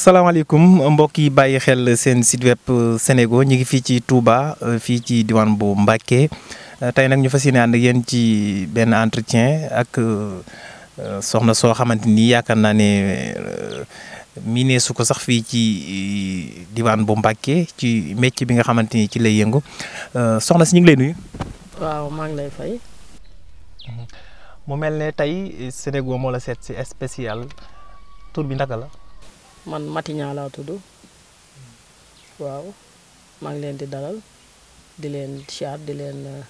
salaamaaleykum mbokk yi bàyyi xel seen site web euh, Senego ñu ngi fii ci Touba euh, fii ci diwaan bu Mbacké euh, tey nag ñu fas yéene ànd ak yéen ci benn entretien ak soxna soo xamante ni yaakaar naa ne miinee su ko sax fii ci diwaan bu Mbacké ci métier bi nga xamante ni ci lay yëngu soxna si ñu ngi lay nuyu. waaw maa ngi lay fay. mu mel ne tey Senego moo la seet si spécial tur bi naka la. man Matignan laa tudd waaw maa ngi leen di dalal di leen siyaar di leen eh,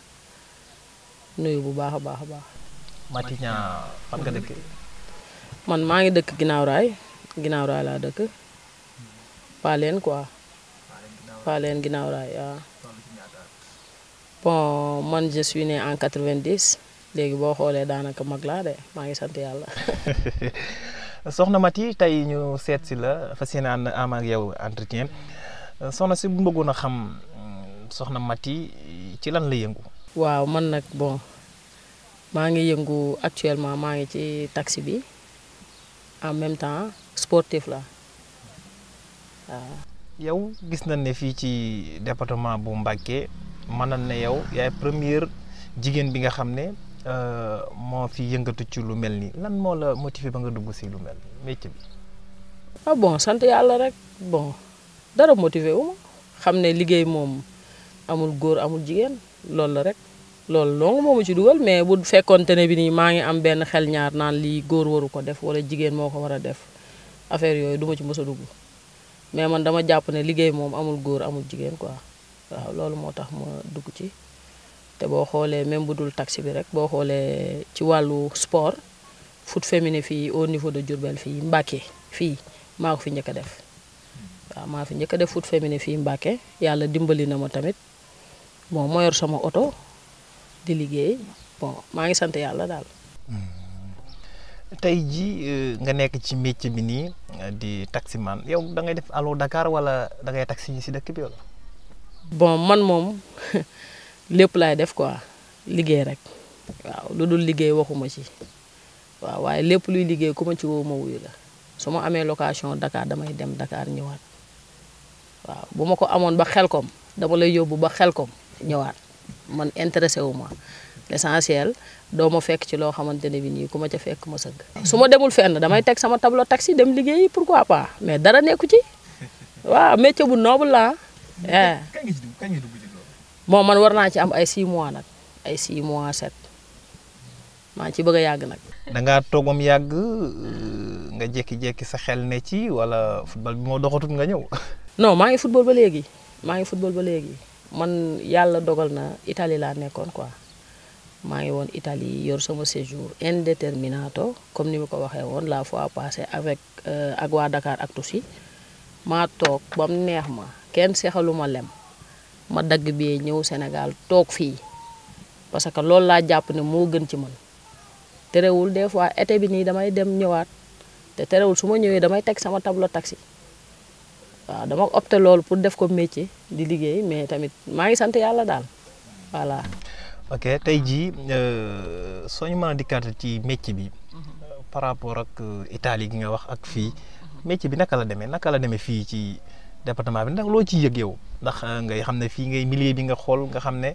nuyu bu baax a baax a baax. Matignan fan nga dëkk. man maa ngi dëkk ginnaaw raay laa dëkk Paaleen quoi Paaleen ginnaaw raay waaw. bon man je suis né en 90 léegi boo xoolee daanaka mag laa de maa ngi sant yàlla. soxna Maty tey ñu seet si la fa yéene ànd am ak yow entretien soxna si bu bëggoon a xam soxna Maty ci lan la yëngu. waaw man nag bon maa ngi yëngu actuellement maa ngi ci taxi bi en même temps sportif la waaw. yow gis nañ ne fii ci département bu Mbacké mën na ne yow yaay première jigéen bi nga xam ne. Euh, moo fi yëngatu ci lu mel nii lan moo la motivé ba nga dugg si lu mel métier bi. ah bon sant yàlla rek bon dara motivé wu xam ne liggéey moom amul góor amul jigéen loolu la rek. loolu loolu moomu ci dugal mais bu fekkonte ne bi nii maa ngi am benn xel ñaar naan lii góor waru ko def wala jigéen moo ko war a def affaire yooyu duma ci mës a dugg mais man dama jàpp ne liggéey moom amul góor amul jigéen quoi waaw loolu moo tax ma dugg ci te boo xoolee même bu dul taxi bi rek boo xoolee ci wàllu sport foot féminin fii au niveau de Diourbel fii Mbacke fii maa fi njëkk a def waaw maa fi njëkk a def foot féminin fii Mbacke yàlla dimbali na ma tamit bon moo yor sama oto di liggéey bon maa ngi sant yàlla daal. Hmm. tey jii euh, nga nekk ci métier bi nii euh, di taximan yow da ngay def allo dakaar wala da ngay taxi si dëkk bi wala. bon man moom. lépp laay def quoi liggéey rek waaw lu dul liggéey waxuma ci waaw waaye lépp luy liggéey ku ma ci woo ma wuyu la su ma amee location Dakar damay dem dakaar ñëwaat waaw bu ma ko amoon ba xel xelkom dama lay yóbbu ba xelkom ñëwaat man intéressé wu ma l'essentiel doo ma fekk ci loo xamante ne bi nii ku ma ca fekk ma sëgg. su ma demul fenn damay teg sama tableau taxi dem liggéeyi pourquoi pas mais dara nekku ci waaw métier bu noble la ah. moom man war naa ci am ay 6 mois nag ay 6 mois 7 maa ngi ci bëgg a yàgg nag. da ngaa toog ba mu yàgg euh, nga jékki-jékki sa xel ne ci wala football bi moo doxatul nga ñëw. non maa ngi football ba léegi maa ngi football ba léegi man yàlla dogal na Italie laa nekkoon quoi. maa ngi woon Italie yor sama séjour indéterminato comme ni ma ko waxee woon la fois passée avec euh, ak waa Dakar ak tusi maa toog ba neex ma kenn seexalu ma lem ma dagg bi ñëw Sénégal toog fii parce que loolu laa jàpp ne moo gën ci man terewul des fois été bi nii damay dem ñëwaat te terewul su ma ñëwee damay teg sama tableau taxi waaw dama opté loolu pour def ko métier di liggéey mais tamit maa ngi sant yàlla daal voilà. ok tey jii euh, soo ñu dikkaat ci métier bi mhm. par rapport ak euh, itali gi nga wax ak fii mhm. métier bi naka la demee naka la demee fii ci. département bi ndax loo ciy yëg yow ndax euh, ngay xam ne fii ngay milieu bi nga xool nga xam ne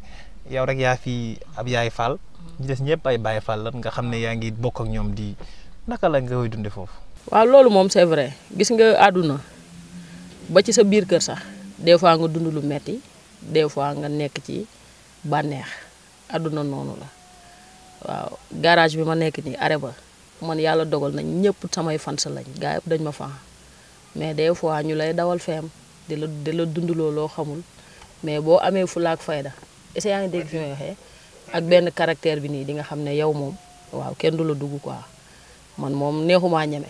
yow rek yaa fi ab yaay faal. Mm-hmm. ñu des ñëpp ay baay faal lan nga xam ne yaa ngi bokk ak ñoom di naka la nga koy dundee foofu. waaw loolu moom c'est vrai gis nga àdduna ba ci sa biir kër sax des fois nga dund lu metti des fois nga nekk ci bànneex adduna noonu la waaw garage bi ma nekk nii arrêt ba man yàlla dogal nañ ñëpp samay fans lañ gaa yëpp dañ ma fa mais des fois ñu lay dawal feem di la dunduloo loo xamul mais boo amee fulaak fayda est-ce que yaa ngi dégg fi may waxee ak benn caractère bi nii di nga xam ne yow moom waaw kenn du la dugg quoi man moom neexumaa ñeme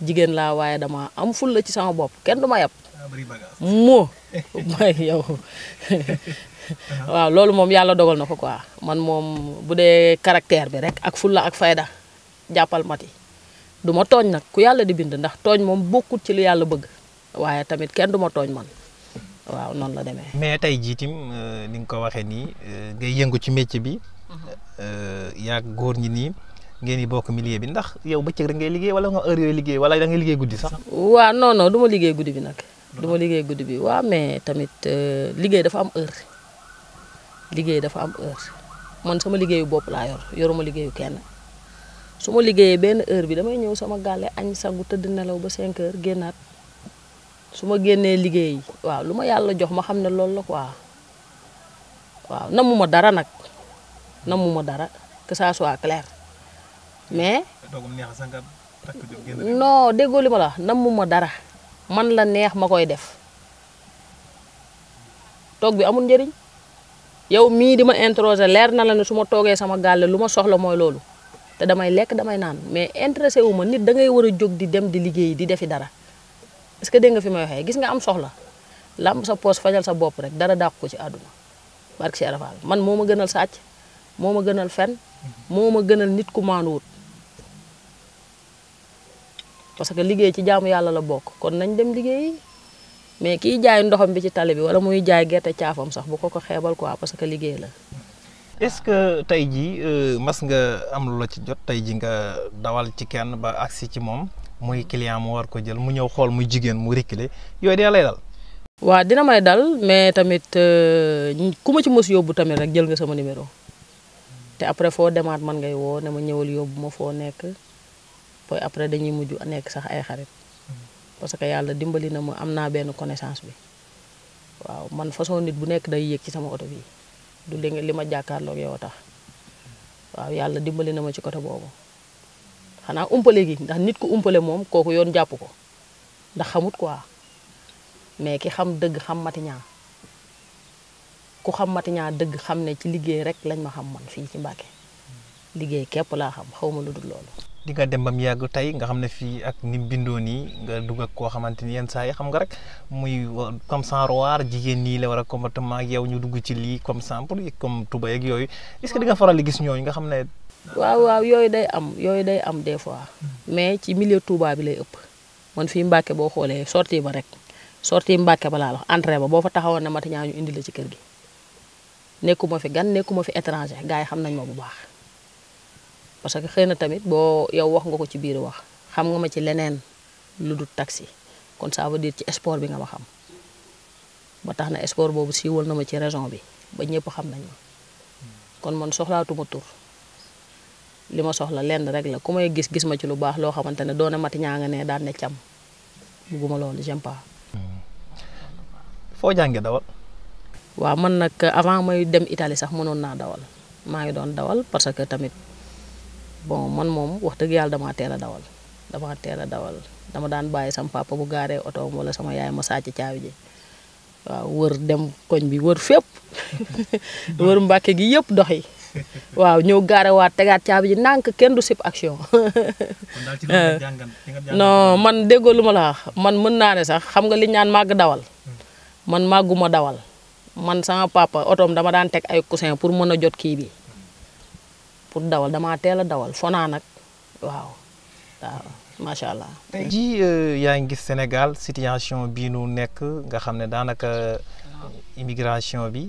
jigéen laa waaye dama am ful la ci sama bopp kenn du ma yab loolu moom yàlla dogal na ko quoi man moom bu dee caractère bi rek ak fulla ak fayda jàppal mati du ma tooñ nag ku yàlla di bind ndax tooñ moom bokkut ci lu yàlla bëgg waaye tamit kenn du ma tooñ man waaw noonu la demee. mais tey jii tim euh, ni nga ko waxee nii euh, ngay yëngu ci métier bi. Mhm. Euh, yaa góor ñi nii ngeen yi bokk milieu bi ndax yow bëccëg rek ngay liggéey wala nga heure yooyu liggéey wala da ngay liggéey guddi sax. waaw non liggéey guddi bi nag. liggéey guddi bi waaw mais tamit liggéey dafa am heure liggéey dafa am heure man sama liggéeyu bopp laa yor yoruma liggéeyu kenn. su ma liggéeyee benn heure bi damay ñëw sama gàlle añ sangu tëdd nelaw ba 5 heures génnaat su ma génnee liggéey waaw lu ma yàlla jox ma xam ne loolu la quoi waaw namu ma dara nag namu dara que ça soit clair mais. non déggoo li ma la namu ma dara man la neex ma koy def toog bi amul njëriñ yow mii di ma introsé leer na la ne su ma toogee sama gàlle lu ma soxla mooy loolu te damay lekk damay naan mais intéressé wu ma nit da ngay war a jóg di dem di liggéey di defi dara. est-ce que dégg nga fi may waxee gis nga am soxla làmb sa poos fajal sa bopp rek dara dàq ko ci àdduna barke Cheikh Rafal man moo ma gënal sàcc moo ma gënal fen moo ma gënal nit ku maanuwut parce que liggéey ci jaamu yàlla la bokk kon nañ dem liggéey mais kiy jaay ndoxam bi ci tali bi wala muy jaay gerte caafam sax bu ko ko xeebal quoi parce que liggéey la. est-ce que tey jii euh, mas nga am lu la ci jot tey ji nga dawal ci kenn ba agsi ci moom. muy client mu war ko jël mu ñëw xool muy jigéen mu reculer yooyu dee lay dal. waa dina may dal mais tamit euh, ku ma ci mos yóbbu tamit rek jël nga sama numéro te après foo demaat man ngay woo ne ma ñëwal yóbbu ma foo nekk booy après dañuy mujj nekk sax ay xarit que yàlla dimbali na ma am naa benn connaissance bi waaw man façon nit bu nekk day yéeg ci sama oto bi du li li ma jàkkaarloog yow a tax waaw yàlla dimbali na ma ci côté boobu. xanaa umpale gi ndax nit ku umpale moom kooku yoon jàpp ko ndax xamut quoi mais ki xam dëgg xam Matignon ku xam Matignon dëgg xam ne ci liggéey rek lañ ma xam man fii ci Mbàkke liggéey képp laa xam xaw ma lu dul loolu. di nga dem ba mu tey nga xam ne fii ak ni mu bindoo nii nga dugg ak koo xamante ni yenn saa yi xam nga rek muy comme sans roir jigéen nii la war a comportement ak yow ñu dugg ci lii comme sans pour comme tuba yooyu est-ce que faral di gis ñooñu nga xam ne. waaw waaw yooyu day am yooyu day am des fois mais ci milieu Touba bi lay ëpp man fii Mbàkke boo xoolee sorti ba rek sorti Mbàkke ba laa wax entrée ba boo fa taxawoon ne mata ñu indi la ci kër gi nekkuma fi gan nekkuma fi étranger gars yi xam nañ ma bu baax parce que xëy na tamit boo yow wax nga ko ci biir wax xam nga ma ci leneen lu dul taxi kon ça veut ci sport bi nga ma xam ba tax na sport boobu siiwal na ma ci région bi ba ñëpp xam nañ kon man soxlaatuma tur li ma soxla lenn rek la ku may gis gis ma ci lu baax loo xamante ne doone mati ñaa nga ne daan ne cam bugguma loolu j'aime pas. foo jàngee dawal. waaw man nag avant may dem itali sax mënoon naa dawal maa ngi doon dawal parce que tamit bon man moom wax dëgg yàlla damaa teel a dawal damaa teel a dawal dama daan bàyyi sama papa bu gaaree oto wala sama yaay ma sàcc caabi ji waaw wër dem koñ bi wër fépp wër Mbàkke gi yëpp dox yi. waaw ñëw waa tegaat caabi ji ndànk kenn du sip action. non man déggoo lu ma la wax man mën naa ne sax xam nga liñ naan màgg dawal. Hmm. man màgguma dawal man sama papa otom dama daan teg ay coussin pour mën a jot kii bi pour dawal dama teel a dawal fonaa nag waaw waaw. macha allah tey jii euh, yaa ngi gis Sénégal situation bii nu nekk nga xam ne daanaka immigration bi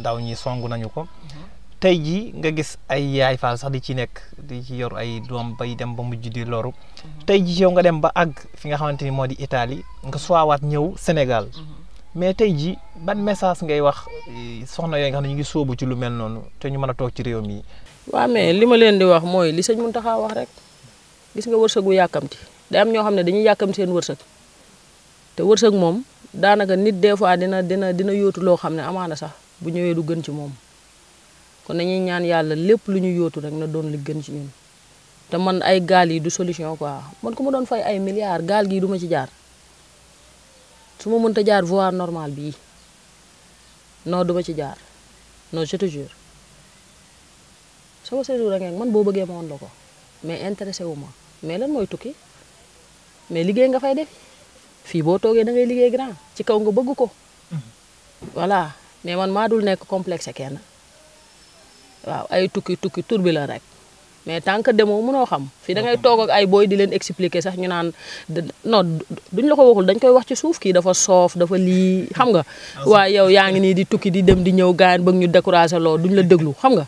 ndaw ñi song nañu ko hmm. tey jii nga gis ay yaay faal sax di ci nekk di ci yor ay doom bay dem ba mujj di loru mhm. tey ji yow nga dem ba ag fi nga xamante ni moo di Italie nga suwaawaat ñëw Sénégal mhm. mais tey jii ban message ngay wax eh, soxna yooyu nga xam ne ñu ngi sóobu ci lu mel noonu te ñu mën a toog ci réew mi. waaw mais li ma leen di wax mooy li sañ sëñ Mountakha wax rek gis nga wërsëgu yàkkamti day am ñoo xam ne dañuy yàkkamti seen wërsëg te wërsëg moom daanaka nit des fois dina dina dina yóotu loo xam ne amaana sax bu ñëwee du gën ci moom. kon dañuy ñaan yàlla lépp lu ñu yootu rek na doon li gën ci ñun te man ay gaal yi du solution quoi man ku ma doon fay ay milliards gaal gii duma ci jaar su ma mënta jaar voie normale bii noo duma ci jaar noo je te soo sama séjour rek man boo bëggee ma woon la ko mais intéressé wu ma mais lan mooy tukki mais liggéey nga fay def fii boo toogee da liggéey grand ci kaw nga bëgg ko mm-hmm. voilà mais man maa dul nekk complexe kenn. waaw ay tukki tukki tur bi la rek mais tant que demoo mënoo xam fii da ngay toog ak ay booy di leen expliquer sax ñu naan non duñ la ko waxul dañ koy wax ci suuf kii dafa soof dafa lii xam nga waaw yow yaa ngi nii di tukki di dem di ñëw gaan bëgg ñu décourager loo duñ la déglu xam nga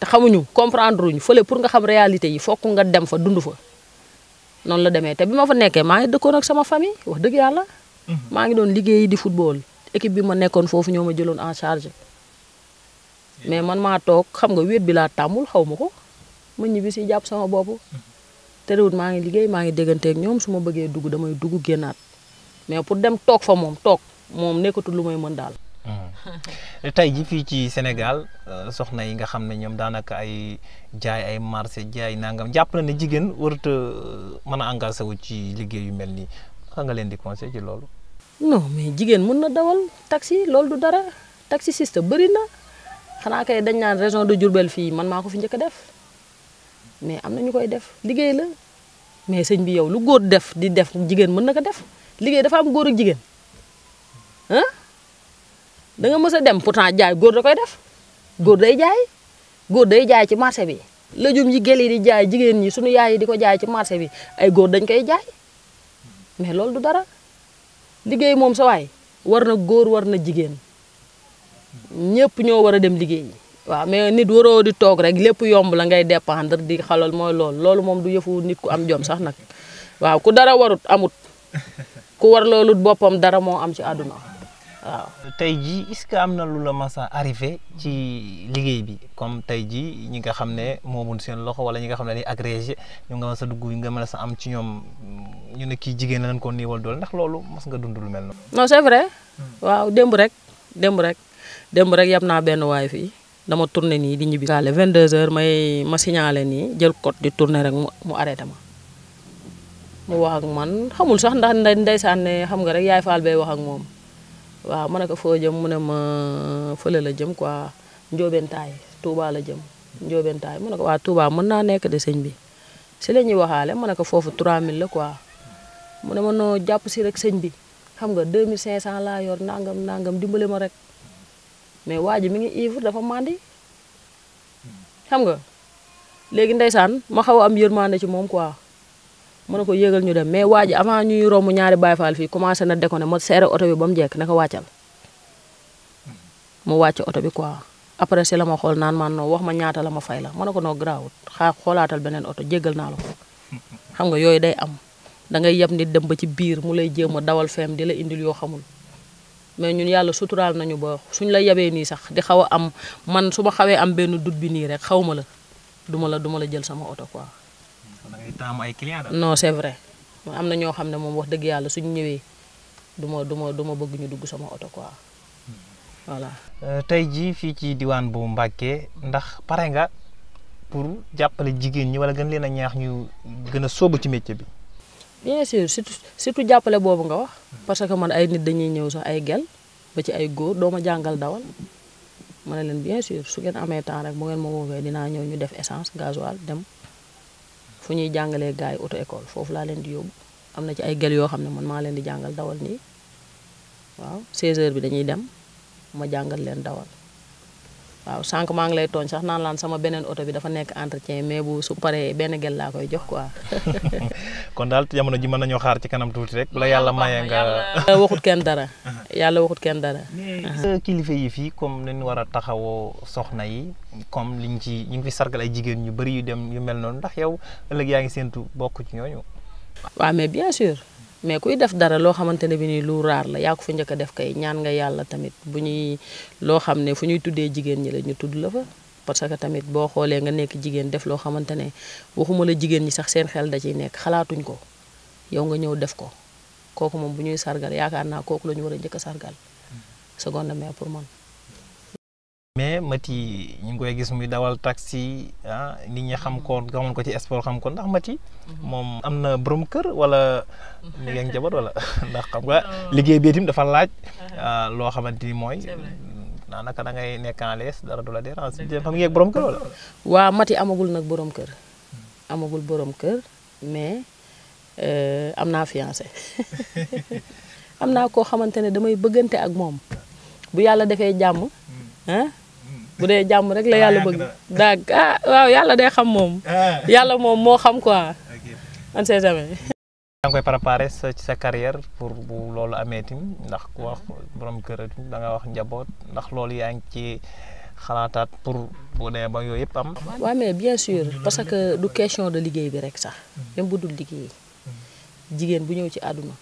te xamuñu comprendre ñu fële pour nga xam réalité yi fokk nga dem fa dund fa noonu la demee te bi ma fa nekkee maa ngi dëkkoon ak sama famille wax dëgg yàlla mhm. maa ngi doon liggéey di football équipe bi ma nekkoon foofu ñoo ma jëloon en charge mais man maa toog xam nga wéet bi laa tàmmul xaw ma ko ma ñibbi si jàpp sama bopp terewut maa ngi liggéey maa ngi dégganteeg ñoom su ma bëggee dugg damay dugg génnaat mais pour dem toog fa moom toog moom nekkatul lu may mën daal. Hmm. tey ji fii ci Sénégal euh, soxna yi nga xam ne ñoom daanaka ay jaay ay marché jaay nangam jàpp na ne jigéen warut euh, mën a engagé wu ci liggéey yu mel nii xam nga leen di conseil ci loolu. non mais jigéen mën na dawal taxi loolu du dara taxi siste bëri na. xanaa kay dañ naan région de Diourbel fii man maa ko fi njëkk a def mais am na ñu koy def liggéey la mais sëñ bi yow lu góor def di def jigéen mën na ko def liggéey dafa am góor ak jigéen ah da nga mës a dem pourtant jaay góor da koy def góor day jaay góor day jaay ci marché bi lëjum yi gel yi di jaay jigéen ñi suñu yaay yi di ko jaay ci marché bi ay góor dañ koy jaay mais loolu du dara liggéey moom sa waay war na góor war na jigéen ñëpp ñoo war a dem liggéey yi waaw mais nit waroo di toog rek lépp yomb la ngay dépendre di xalal mooy loolu loolu moom du yëfu nit ku am jom sax nag waaw ku dara warut amut ku war loolu boppam dara moo am ci àdduna waaw. tey jii est-ce que am na lu la mas a arrivé ci liggéey bi comme tey jii ñi nga xam ne moomun seen loxo wala ñi nga xam ne dañuy agrégé ñu nga mën nga mën a sa am ci ñoom ñu ne kii jigéen la leen ko néewal doole ndax loolu mas nga dund lu mel noonu. non c'est vrai. Hmm. waaw démb rek démb rek. demb rek yab naa benn waay fii dama tourné nii di ñibbi. gaale 22h may ma signalé nii jël code di tourné rek mu arrêté ma mu wax ak man xamul sax ndax ndeysaan ne xam nga rek yaay faal bay wax ak moom waaw ma ne ko foo jëm mu ne ma fële la jëm quoi Ndiobentaay Touba la jëm Ndiobentaay mu ne ko waa Touba mën naa nekk de sëñ bi si la ñuy waxaale ma ne ko foofu mille la quoi mu ne ma noo jàpp si rek sëñ bi xam nga 2500 laa yor nangam nangam dimbale ma rek. mais waa ji mi ngi ivre dafa màndi xam nga léegi ndeysaan ma xaw a am yërmande ci moom quoi mën na ko yégal ñu dem mais waa ji avant ñuy romb ñaari Baay Faal fii commencé na déconné ma seere oto bi ba mu jekk naka wàccal mu wàcc oto bi quoi après si la ma xool naan man noo wax ma ñaata la ma fay la mën na ko noo garaawut xaa xoolaatal beneen oto jéggal naa la ko xam nga yooyu day am da ngay yab nit dem ba ci biir mu lay jéem a dawal feem di la indil yoo xamul mais ñun yàlla suturaal nañu ba suñ la yabee nii sax di xaw a am man su ma xawee am benn dut bi nii rek xaw ma la du ma la du ma la jël sama oto quoi. da ay clients non c'est vrai am na ñoo xam ne moom wax dëgg yàlla suñ ñëwee du ma du ma du ma bëgg ñu dugg sama oto quoi voilà. Euh, tey jii fii ci diwaan bu Mbàkke ndax pare nga pour jàppale jigéen ñi wala gën leen a ñaax ñu gën a sóobu ci métier bi. bien sûr surtout surtout jàppale boobu nga wax parce que man ay nit dañuy ñëw sax ay gel ba ci ay góor doo ma jàngal dawal ma ne leen bien sûr su ngeen amee temps rek bu ngeen ma woowee dinaa ñëw ñu def essence gasoil dem fu ñuy jàngalee gars yi auto école foofu laa leen di yóbbu am na ci ay gel yoo xam ne man maa leen di jàngal dawal nii waaw 16 heures bi dañuy dem ma jàngal leen dawal waaw sànq maa ngi lay tooñ sax naan laan sama beneen oto bi dafa nekk entretien mais bu su paree benn gel laa koy jox quoi. kon daal jamono ji mën nañoo xaar ci kanam tuuti rek. la yàlla maye nga yàlla waxut kenn dara. yàlla waxut kenn dara. Uh-huh. Uh-huh. kilifa yi fii comme ni ñu war a taxawoo soxna yi comme liñ ci ñu ngi fi sargal ay jigéen ñu bëri yu dem yu mel noonu ndax yow ëllëg yaa ngi séentu bokk ci ñooñu. waaw mais bien sûr. mais kuy def dara loo xamante ne bi nii lu raar la yaa ko fa njëkk def kay ñaan nga yàlla tamit bu ñuy loo xam ne fu ñuy tuddee jigéen ñi la ñu tudd la fa parce que tamit boo xoolee nga nekk jigéen def loo xamante ne waxuma la jigéen ñi sax seen xel da ciy nekk xalaatuñ ko yow nga ñëw def ko kooku moom bu ñuy sargal yaakaar naa kooku la ñu war a njëkk a sargal hmm. seconde mère pour man mais Maty ñu ngi koy gis muy dawal taxi ah nit ñi xam ko xamoon ko ci sport xam ko ndax Maty mhm. moom am na borom kër wala mi mhm. ngi wala ndax xam nga liggéey bi itam dafa laaj uh-huh. ah, loo xamante ni mooy daanaka da ngay nekk en dara du la dérange fa borom kër wala waaw Maty amagul nag boroom kër amagul boroom kër mais euh, am naa fiancé am naa koo xamante ne damay bëggante ak moom bu yàlla defee jàmm hmm. bu dee jàmm rek la ah, yàlla bëgg daag ah, waaw yàlla day xam moom ah. yàlla moom moo xam quoi on sait koy préparé sa ci sa carrière pour bu loolu amee tamit ndax borom kër da nga wax njaboot ndax loolu yaa ngi ci xalaataat pour bu dee ba yooyu yëpp am waaw mais bien sûr parce que du question de liggéey bi rek sax même bu dul liggéey jigéen bu ñëw ci àdduna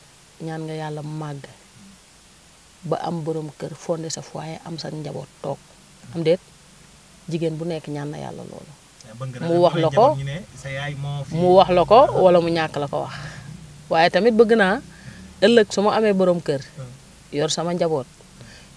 ñaan nga yàlla màgg ba am borom kër fondé sa foyer am sa njaboot toog am déet jigéen bu nekk ñaan na yàlla loolu. mu wax la ko mu wax la ko wala mu ñàkk la ko wax. waaye tamit bëgg naa ëllëg su ma amee boroom kër. Hmm. yor sama njaboot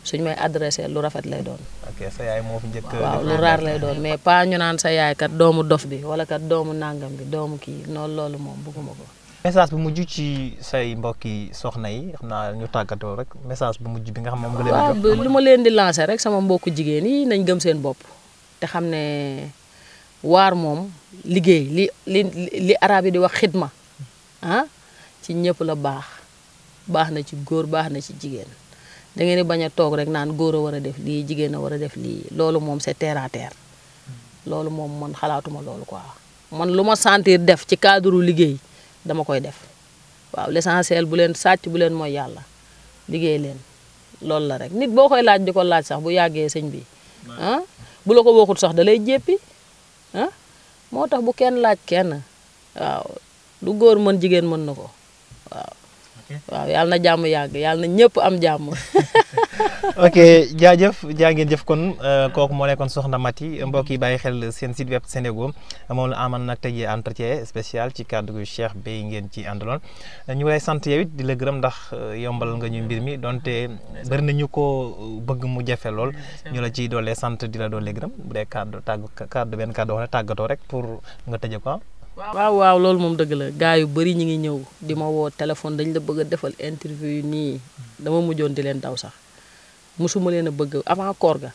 suñ may adressé lu rafet lay doon. ok moo waaw lu raar lay doon mais pas ñu naan sa yaay kat doomu dof bi wala kat doomu nàngam bi doomu kii noonu loolu moom bëgguma ko. message bu mujj ci say mbokki soxna yi xam naa ñu tàggatoo rek message bu mujj bi nga xam moom nga leen di jox lu ma leen di rek sama mbokku jigéen yi nañ gëm seen bopp te xam ne waar moom liggéey li li araab yi di wax xidma ah ci ñëpp la baax baax na ci góor baax na ci jigéen da ngeen di bañ a toog rek naan góor a war a def lii jigéen a war a def lii loolu moom c'est terre loolu moom man xalaatuma loolu quoi man lu ma sentir def ci cadre liggéey dama koy def waaw l'essentiel bu leen sàcc bu leen mooy yàlla liggéey leen loolu la rek nit boo koy laaj di ko laaj sax bu yàggee sëñ bi ah bu ko waxut sax da lay jéppi ah. moo tax bu kenn laaj kenn waaw lu góor mën jigéen mën na ko waaw waaw yàlla na jàmm yàgg yàlla na ñëpp am jàmm. ok jaajëf jaa ngeen jëf kon euh, kooku moo nekkoon Soxna Maty mbokk yi bàyyi xel seen site web Senego moom la amal nag tey entretien spécial ci kàddu gu Cheikh Beye ngeen ci àndaloon ñu lay sant yow di la gërëm ndax euh, yombal nga ñu mbir mi donte bari na ñu ko bëgg mu jafe lool ñu la ciy doolee sant di la doolee gërëm bu dee kàddu tàgg kàddu benn kàddu wax ne tàggatoo rek pour nga tëjee ko ah. waaw waaw loolu moom dëgg la gars yu bëri ñu ngi ñëw di ma woo téléphone dañ la bëgg a defal interview nii dama mujjoon di leen daw sax mosuma leen a bëgg avant koor ga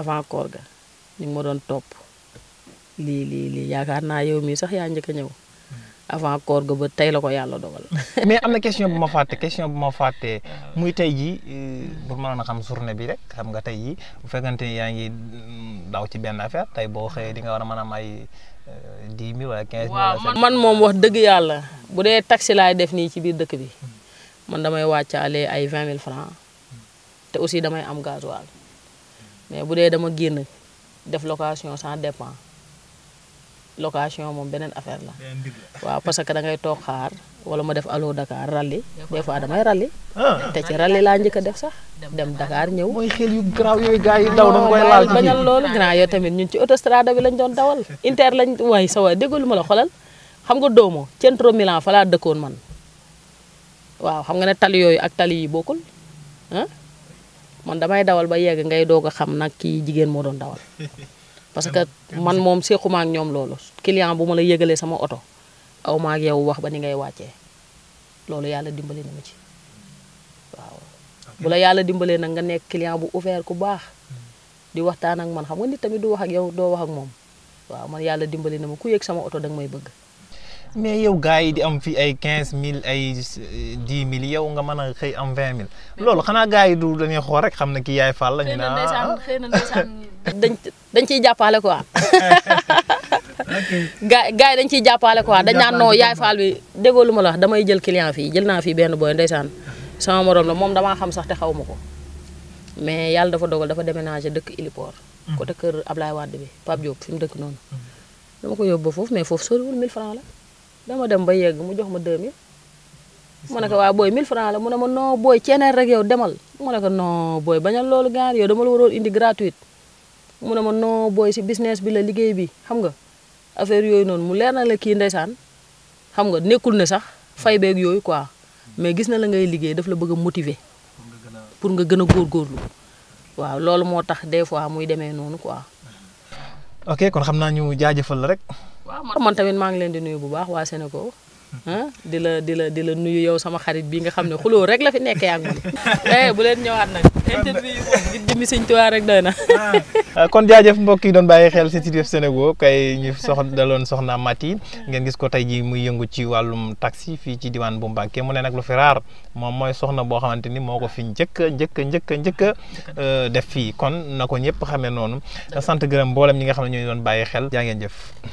avant koor ga ñu ma doon topp lii lii yaakaar naa yow mii sax yaa njëkk a ñëw avant koor ga ba tey la ko yàlla dogal. mais am na question bu ma fàtte question bu ma fàtte muy tey jii euh, pour mënoon a xam journée bi rek xam nga tey jii bu fekkante yaa ngi mm, daw ci benn affaire tey boo xëyee di nga war a mën a am dix mille wala quinze mille waaw man moom wax dëgg yàlla bu dee taxi laay def nii ci biir dëkk bi man damay wàccaale ay vingt mille francs te aussi damay am gasoil mais bu dee dama génn def location sans dépend location moom beneen affaire la. waaw parce que da ngay toog xaar wala ma def allo dakaar ralli des fois damay ralli. Ah. te ci ralli laa njëkk def sax. dem dakaar ñëw. mooy xel yu garaaw daw nañu koy laal bañal loolu grand yooyu tamit ñun ci autostrade bi lañ doon dawal. inter lañ waay sa waay déggul ma la xolal xam nga doomo centro Milan falaa laa dëkkoon man waaw xam nga ne tali yooyu ak tali yi bokkul ah man damay dawal ba yegg ngay doog a xam nag kii jigéen moo doon dawal. parce que man moom séquma ak ñoom loolu client bu ma la yëgalee sama oto aw maak ak yow wax ba ni ngay wàccee loolu yàlla dimbali na ma ci waaw bu la yàlla dimbalee nag nga nekk client bu ouvert ku baax hmm. di waxtaan ak man xam nga nit tamit du wax ak yow doo wax ak moom waaw man yàlla dimbali na ma ku yëg sama oto danga may bëgg mais yow gars yi di am fii ay quinze mille ay euh, dix mille yow nga man a xëy am vingt mille loolu xanaa gars yi du dañuy xool rek xam ne ki yaay Fall la ñu naan ah, ah. dañ dañ ciy jàppale quoi gaa gars dañ ci jàppale quoi dañ naan non yaay Fall bi déggoo la wax damay jël client fii jël naa fii benn booy ndeysaan sama morom la moom damaa xam sax te xaw ma ko mais yàlla dafa dogal dafa déménager dëkk Ilipor côté hmm. kër Ablaye Wade bi Pape Diop fi mu dëkk noonu hmm. dama ko yóbbu foofu dama dem ba yegg mu jox ma 2000. mu ne ko waa booy 1000 francs la mu ne ma non booy ceeneen rek demal mu ne booy bañal loolu gaar yow dama la waroon indi gratuite. mu ne ma noo booy si business bi la liggéey bi xam nga affaire yooyu noonu mu leer na la kii ndeysaan xam nga nekkul ne sax fay beeg yooyu quoi mais gis na la ngay liggéey daf la bëgg a motiver. pour nga gën a góorgóorlu. waaw loolu moo tax des fois muy demee noonu quoi. ok kon xam naa ñu jaajëfal la rek. waaw man tamit maa ngi leen di nuyu bu baax waa Sénégal di la di la di la nuyu yow sama xarit bi nga xam ne xuloo rek la fi nekkee ak man bu leen ñëwaat nag interview di dimi rek doy na ah, kon jaajëf mbokk yi doon bàyyi xel ci Sud Sénégal kay ñu sox daloon soxna Mati ngeen gis ko tey ji muy yëngu ci wàllum taxi fii ci diwaan bu Mbàkke mu ne nag lu moom mooy soxna boo xamante ni moo ko fi njëkk njëkk njëkk njëkk euh, def fii kon na ko ñëpp xamee noonu sant gërëm mboolem ñi nga xam ne ñooñu doon bàyyi xel jaa ngeen jëf